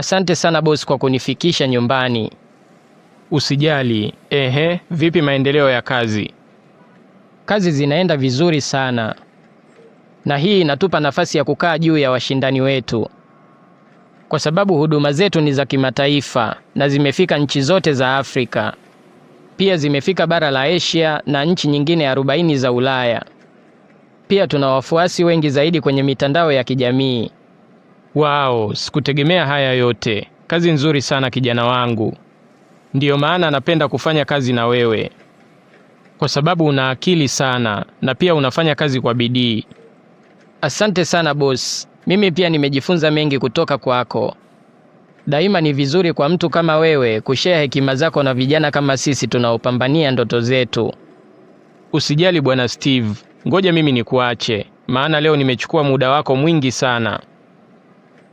Asante sana bosi kwa kunifikisha nyumbani. Usijali. Ehe, vipi maendeleo ya kazi? Kazi zinaenda vizuri sana, na hii inatupa nafasi ya kukaa juu ya washindani wetu, kwa sababu huduma zetu ni za kimataifa na zimefika nchi zote za Afrika, pia zimefika bara la Asia na nchi nyingine arobaini za Ulaya. Pia tuna wafuasi wengi zaidi kwenye mitandao ya kijamii. Wao, sikutegemea haya yote. Kazi nzuri sana kijana wangu. Ndiyo maana napenda kufanya kazi na wewe, kwa sababu una akili sana na pia unafanya kazi kwa bidii. Asante sana boss, mimi pia nimejifunza mengi kutoka kwako. Daima ni vizuri kwa mtu kama wewe kushea hekima zako na vijana kama sisi tunaopambania ndoto zetu. Usijali bwana Steve, ngoja mimi nikuache, maana leo nimechukua muda wako mwingi sana.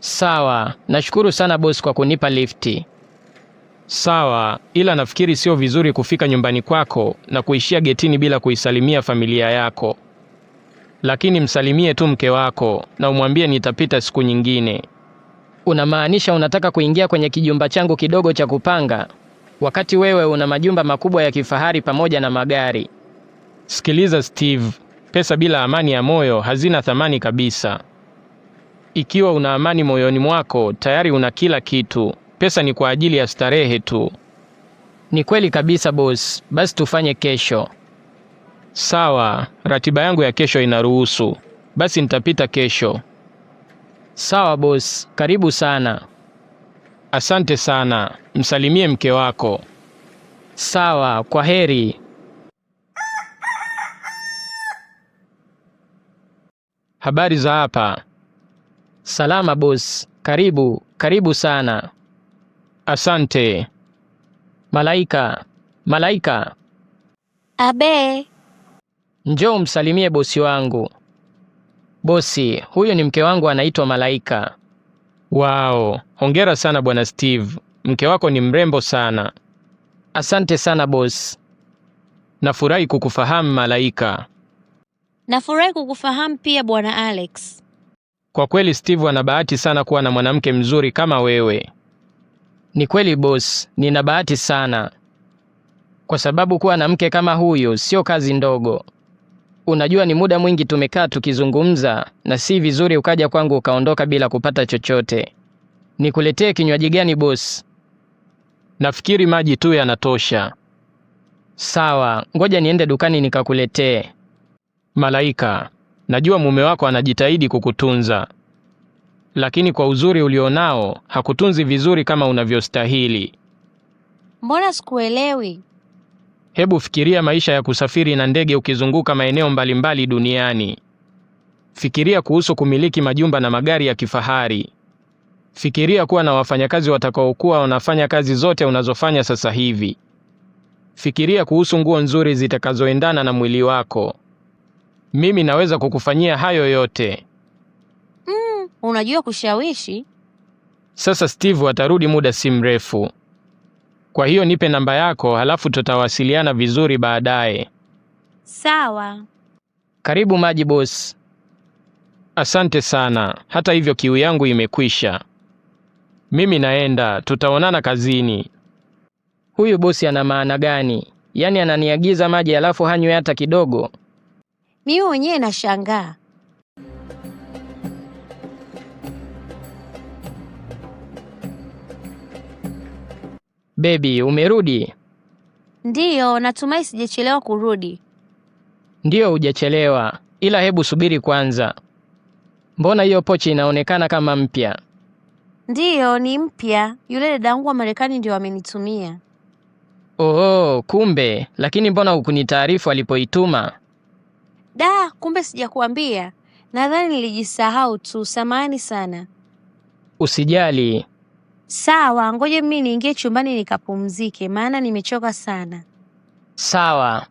Sawa, nashukuru sana bosi kwa kunipa lifti. Sawa, ila nafikiri sio vizuri kufika nyumbani kwako na kuishia getini bila kuisalimia familia yako, lakini msalimie tu mke wako na umwambie nitapita siku nyingine. Unamaanisha unataka kuingia kwenye kijumba changu kidogo cha kupanga, wakati wewe una majumba makubwa ya kifahari pamoja na magari? Sikiliza Steve, pesa bila amani ya moyo hazina thamani kabisa. Ikiwa una amani moyoni mwako, tayari una kila kitu. Pesa ni kwa ajili ya starehe tu. Ni kweli kabisa boss, basi tufanye kesho. Sawa, ratiba yangu ya kesho inaruhusu. Basi nitapita kesho. Sawa boss, karibu sana. Asante sana, msalimie mke wako. Sawa, kwa heri. Habari za hapa? Salama boss, karibu karibu sana. Asante. Malaika, Malaika, abe, njoo msalimie bosi wangu. Bosi, huyu ni mke wangu anaitwa Malaika. Wao, hongera sana bwana Steve, mke wako ni mrembo sana. Asante sana bosi. Nafurahi kukufahamu Malaika. Nafurahi kukufahamu pia bwana Alex. Kwa kweli Steve ana bahati sana kuwa na mwanamke mzuri kama wewe. Ni kweli boss, nina bahati sana, kwa sababu kuwa na mke kama huyu sio kazi ndogo. Unajua, ni muda mwingi tumekaa tukizungumza, na si vizuri ukaja kwangu ukaondoka bila kupata chochote. Nikuletee kinywaji gani boss? Nafikiri maji tu yanatosha. Sawa, ngoja niende dukani nikakuletee. Malaika Najua mume wako anajitahidi kukutunza, lakini kwa uzuri ulionao hakutunzi vizuri kama unavyostahili. Mbona sikuelewi? Hebu fikiria maisha ya kusafiri na ndege ukizunguka maeneo mbalimbali duniani. Fikiria kuhusu kumiliki majumba na magari ya kifahari. Fikiria kuwa na wafanyakazi watakaokuwa wanafanya kazi zote unazofanya sasa hivi. Fikiria kuhusu nguo nzuri zitakazoendana na mwili wako. Mimi naweza kukufanyia hayo yote. Mm, unajua kushawishi. Sasa Steve atarudi muda si mrefu, kwa hiyo nipe namba yako, halafu tutawasiliana vizuri baadaye. Sawa. Karibu maji bosi. Asante sana. Hata hivyo, kiu yangu imekwisha. Mimi naenda, tutaonana kazini. Huyu bosi ana maana gani? Yaani ananiagiza maji alafu hanywe hata kidogo? mimi mwenyewe nashangaa. Bebi, umerudi? Ndiyo, natumai sijachelewa kurudi. Ndiyo, hujachelewa, ila hebu subiri kwanza. Mbona hiyo pochi inaonekana kama mpya? Ndiyo, ni mpya. Yule dada wangu wa Marekani ndio amenitumia. Oo, kumbe. Lakini mbona hukunitaarifu alipoituma? Da, kumbe sijakuambia. Nadhani nilijisahau tu, samahani sana. Usijali. Sawa, ngoje mimi niingie chumbani nikapumzike, maana nimechoka sana. Sawa.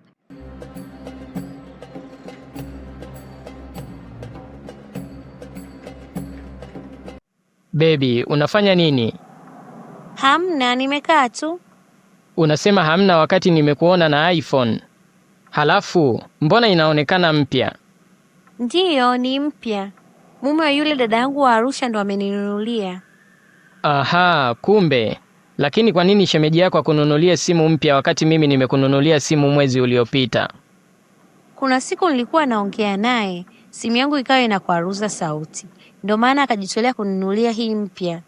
Bebi, unafanya nini? Hamna, nimekaa tu. Unasema hamna wakati nimekuona na iPhone. Halafu mbona inaonekana mpya? Ndiyo, ni mpya. Mume wa yule dada yangu wa Arusha ndo ameninunulia. Aha, kumbe. Lakini kwa nini shemeji yako akununulie simu mpya wakati mimi nimekununulia simu mwezi uliopita? Kuna siku nilikuwa naongea naye, simu yangu ikawa inakwaruza sauti, ndio maana akajitolea kununulia hii mpya.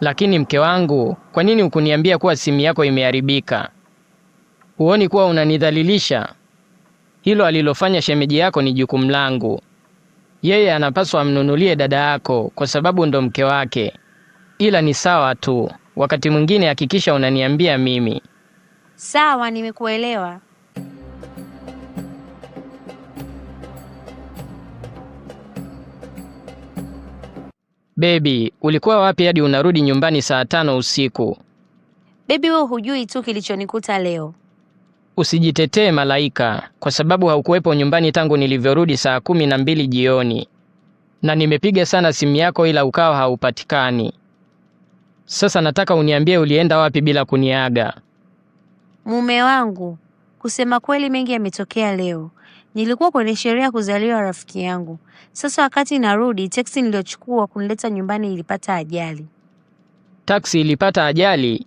Lakini mke wangu, kwa nini hukuniambia kuwa simu yako imeharibika? Huoni kuwa unanidhalilisha? Hilo alilofanya shemeji yako ni jukumu langu. Yeye anapaswa amnunulie dada yako kwa sababu ndo mke wake, ila ni sawa tu, wakati mwingine hakikisha unaniambia mimi. Sawa, nimekuelewa. Bebi, ulikuwa wapi hadi unarudi nyumbani saa tano usiku? Bebi, wewe hujui tu kilichonikuta leo. Usijitetee malaika, kwa sababu haukuwepo nyumbani tangu nilivyorudi saa kumi na mbili jioni, na nimepiga sana simu yako, ila ukawa haupatikani. Sasa nataka uniambie ulienda wapi bila kuniaga. Mume wangu, kusema kweli, mengi yametokea leo. Nilikuwa kwenye sherehe ya kuzaliwa rafiki yangu. Sasa wakati narudi, teksi niliyochukua kunileta nyumbani ilipata ajali. Taksi ilipata ajali?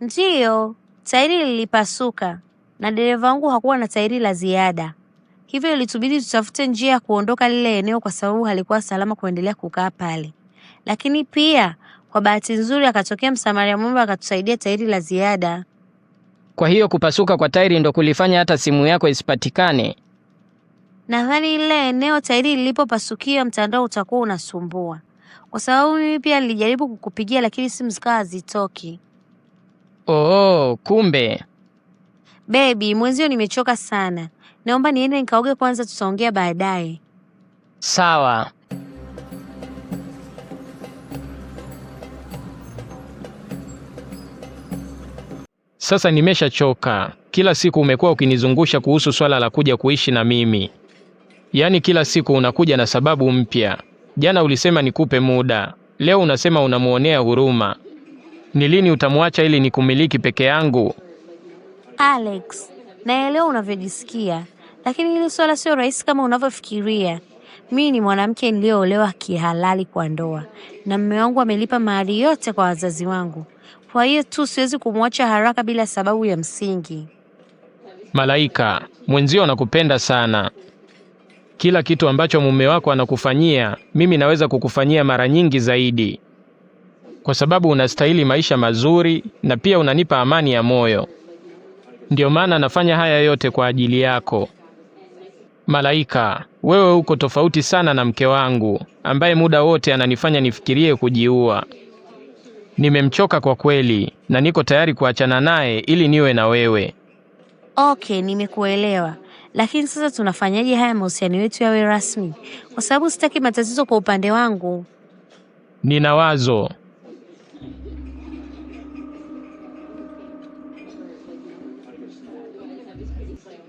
Ndiyo, tairi lilipasuka na dereva wangu hakuwa na tairi la ziada, hivyo ilitubidi tutafute njia ya kuondoka lile eneo, kwa sababu halikuwa salama kuendelea kukaa pale. Lakini pia kwa bahati nzuri akatokea msamaria mwema akatusaidia tairi la ziada. Kwa hiyo kupasuka kwa tairi ndo kulifanya hata simu yako isipatikane? Nadhani lile eneo tairi lilipopasukia mtandao utakuwa unasumbua, kwa sababu mimi pia nilijaribu kukupigia, lakini simu zikawa hazitoki. Oh, kumbe Baby, mwenzio nimechoka sana, naomba niende nikaoge kwanza, tutaongea baadaye. Sawa. Sasa nimeshachoka. Kila siku umekuwa ukinizungusha kuhusu swala la kuja kuishi na mimi, yaani kila siku unakuja na sababu mpya. Jana ulisema nikupe muda, leo unasema unamuonea huruma. Ni lini utamwacha ili nikumiliki peke yangu? Alex, naelewa unavyojisikia, lakini hili swala sio rahisi kama unavyofikiria. Mimi ni mwanamke niliyoolewa kihalali kwa ndoa na mume wangu amelipa mahari yote kwa wazazi wangu, kwa hiyo tu siwezi kumwacha haraka bila sababu ya msingi. Malaika, mwenzio anakupenda sana. Kila kitu ambacho mume wako anakufanyia, mimi naweza kukufanyia mara nyingi zaidi, kwa sababu unastahili maisha mazuri na pia unanipa amani ya moyo. Ndiyo maana nafanya haya yote kwa ajili yako. Malaika, wewe uko tofauti sana na mke wangu ambaye muda wote ananifanya nifikirie kujiua. Nimemchoka kwa kweli na niko tayari kuachana naye ili niwe na wewe. Okay, nimekuelewa. Lakini sasa tunafanyaje haya mahusiano yetu yawe rasmi? Kwa sababu sitaki matatizo kwa upande wangu. Nina wazo.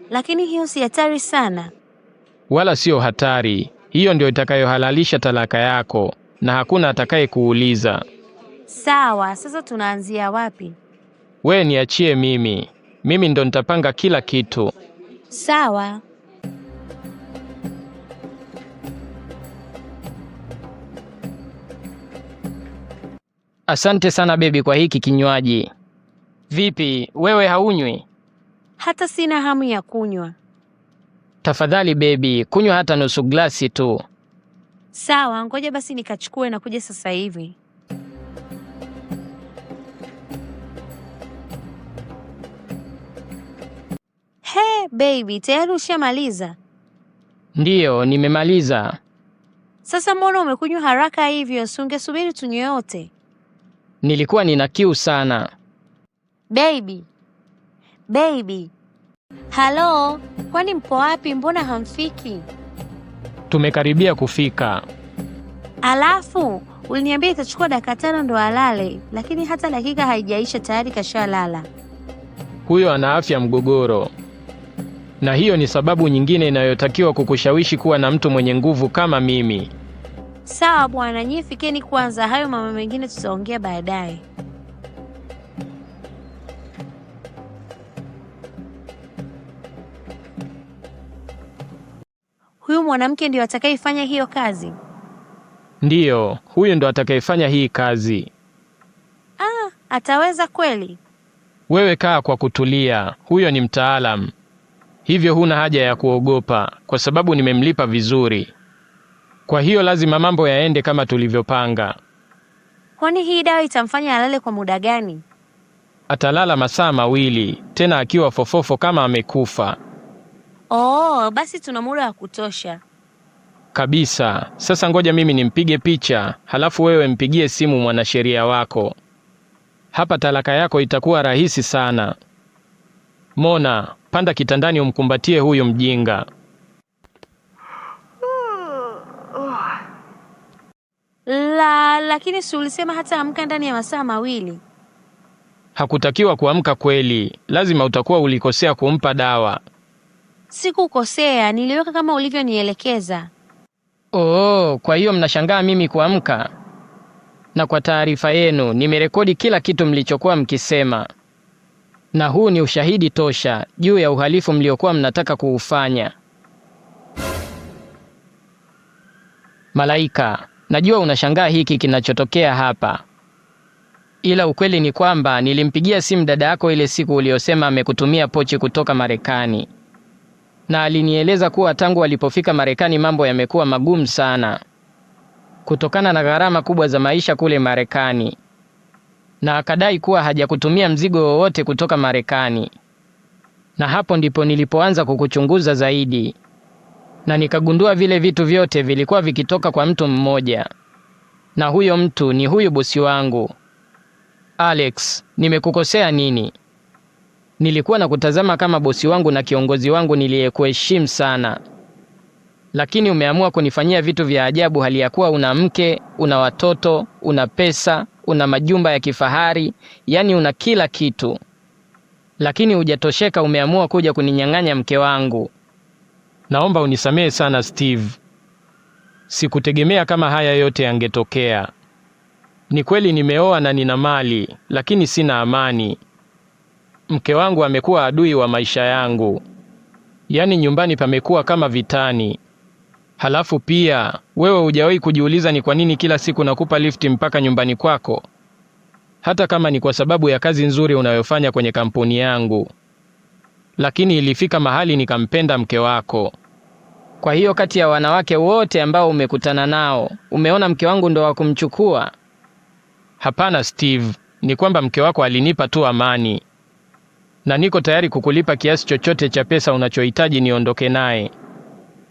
Lakini hiyo si hatari sana? Wala siyo hatari. Hiyo ndio itakayohalalisha talaka yako na hakuna atakayekuuliza. Sawa, sasa tunaanzia wapi? Wewe niachie mimi, mimi ndo nitapanga kila kitu. Sawa. Asante sana bebi kwa hiki kinywaji. Vipi, wewe haunywi? hata sina hamu ya kunywa. Tafadhali bebi, kunywa hata nusu glasi tu. Sawa, ngoja basi nikachukue na kuja sasa hivi. He baby, tayari ushamaliza? Ndiyo, nimemaliza. Sasa mbona umekunywa haraka hivyo? Si tunywe yote? Nilikuwa nina kiu sana. Baby, Baby, halo, kwani mpo wapi? Mbona hamfiki? Tumekaribia kufika. Alafu uliniambia itachukua dakika tano ndo alale, lakini hata dakika haijaisha tayari kashalala. Huyo ana afya mgogoro, na hiyo ni sababu nyingine inayotakiwa kukushawishi kuwa na mtu mwenye nguvu kama mimi. Sawa bwana, nyie fikeni kwanza, hayo mama mengine tutaongea baadaye. huyu mwanamke ndiyo atakayefanya hiyo kazi? Ndiyo, huyu ndo atakayefanya hii kazi. Ah, ataweza kweli? Wewe kaa kwa kutulia, huyo ni mtaalam hivyo huna haja ya kuogopa kwa sababu nimemlipa vizuri. Kwa hiyo lazima mambo yaende kama tulivyopanga. Kwani hii dawa itamfanya alale kwa muda gani? Atalala masaa mawili, tena akiwa fofofo kama amekufa. Oh, basi tuna muda wa kutosha kabisa. Sasa ngoja mimi nimpige picha, halafu wewe mpigie simu mwanasheria wako. Hapa talaka yako itakuwa rahisi sana. Mona, panda kitandani umkumbatie huyu mjinga. La, lakini si ulisema hata amka ndani ya masaa mawili? Hakutakiwa kuamka kweli, lazima utakuwa ulikosea kumpa dawa. Sikukosea, niliweka kama ulivyonielekeza. Oh, kwa hiyo mnashangaa mimi kuamka? Na kwa taarifa yenu, nimerekodi kila kitu mlichokuwa mkisema, na huu ni ushahidi tosha juu ya uhalifu mliokuwa mnataka kuufanya. Malaika, najua unashangaa hiki kinachotokea hapa, ila ukweli ni kwamba nilimpigia simu dada yako ile siku uliyosema amekutumia pochi kutoka Marekani na alinieleza kuwa tangu walipofika Marekani mambo yamekuwa magumu sana kutokana na gharama kubwa za maisha kule Marekani, na akadai kuwa hajakutumia mzigo wowote kutoka Marekani, na hapo ndipo nilipoanza kukuchunguza zaidi na nikagundua vile vitu vyote vilikuwa vikitoka kwa mtu mmoja, na huyo mtu ni huyu bosi wangu. Alex, nimekukosea nini? Nilikuwa na kutazama kama bosi wangu na kiongozi wangu niliyekuheshimu sana, lakini umeamua kunifanyia vitu vya ajabu, hali ya kuwa una mke, una watoto, una pesa, una majumba ya kifahari, yaani una kila kitu, lakini hujatosheka. Umeamua kuja kuninyang'anya mke wangu. Naomba unisamehe sana Steve, sikutegemea kama haya yote yangetokea. Ni kweli nimeoa na nina mali, lakini sina amani mke wangu amekuwa adui wa maisha yangu, yaani nyumbani pamekuwa kama vitani. Halafu pia wewe hujawahi kujiuliza ni kwa nini kila siku nakupa lifti mpaka nyumbani kwako, hata kama ni kwa sababu ya kazi nzuri unayofanya kwenye kampuni yangu, lakini ilifika mahali nikampenda mke wako. Kwa hiyo kati ya wanawake wote ambao umekutana nao, umeona mke wangu ndo wa kumchukua? Hapana Steve, ni kwamba mke wako alinipa tu amani na niko tayari kukulipa kiasi chochote cha pesa unachohitaji niondoke naye.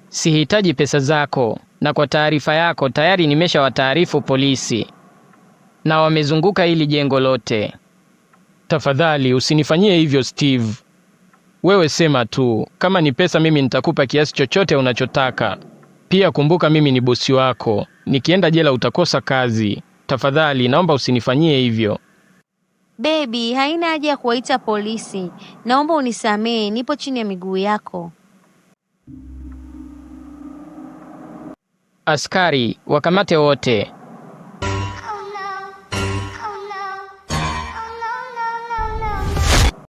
Sihitaji pesa zako, na kwa taarifa yako tayari nimeshawataarifu polisi na wamezunguka hili jengo lote. Tafadhali usinifanyie hivyo Steve. Wewe sema tu kama ni pesa, mimi nitakupa kiasi chochote unachotaka. Pia kumbuka, mimi ni bosi wako, nikienda jela utakosa kazi. Tafadhali naomba usinifanyie hivyo. Bebi, haina haja ya kuwaita polisi. Naomba unisamehe, nipo chini ya miguu yako. Askari wakamate wote.